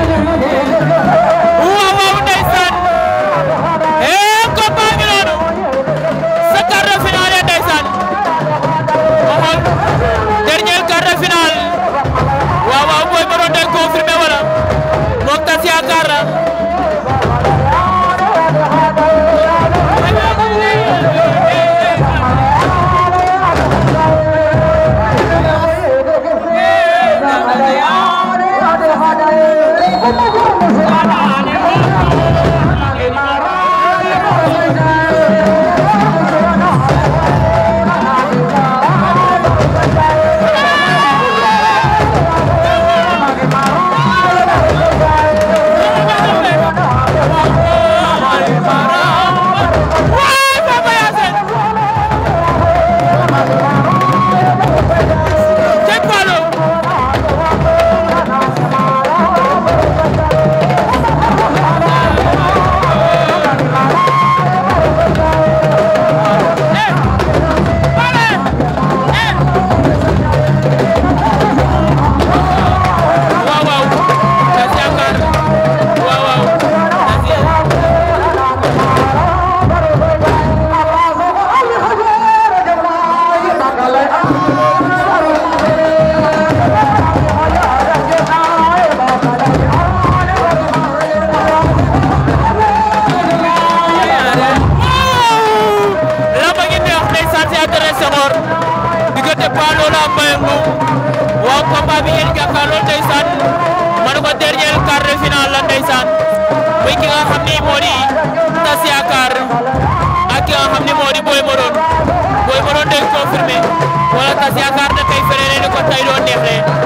Obrigado. poids loolu la Mbayang waaw combat bi ngeen jàkkaarloo ndeysaan ma ne ko dernier quart de finale ki nga xam ni moo di tas ki nga xam ni moo Boy Maroon day confirmé wala tas da kay feneen ni ko tay doon neexee.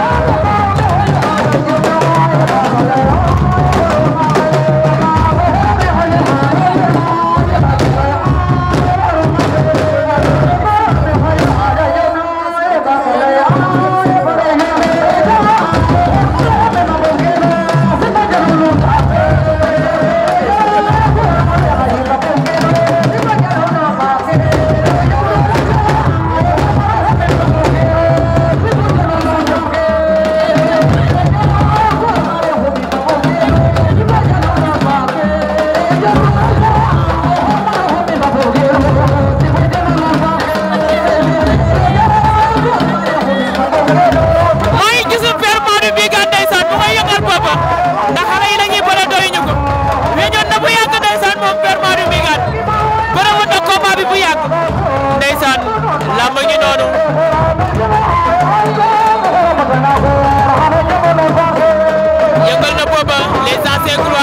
Negro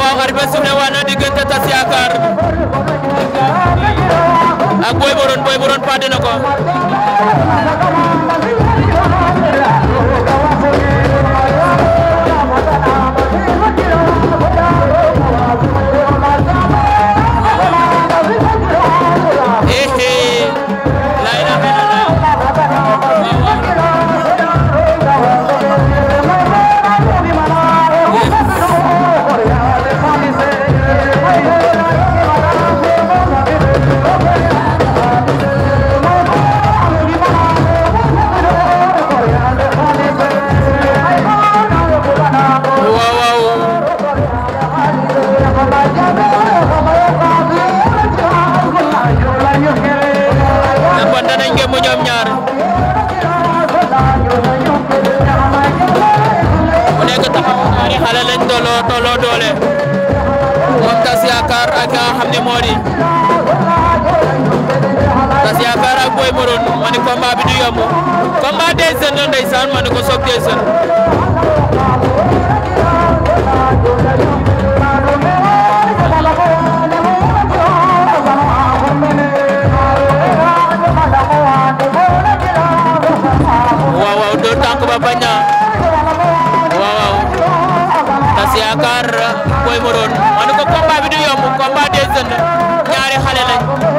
waaw waaw arbitre suuf ne waa na diggante Tass Yakar ak Boy Borone Boy Borone pàdde na tolloo tolloo doole moom tas yaakaar ak nga xam ne moo ak Boy Maroon ma ne combat bi du yomb combat des jeunes la ko soog des jeunes dëgg ñaari xale lañ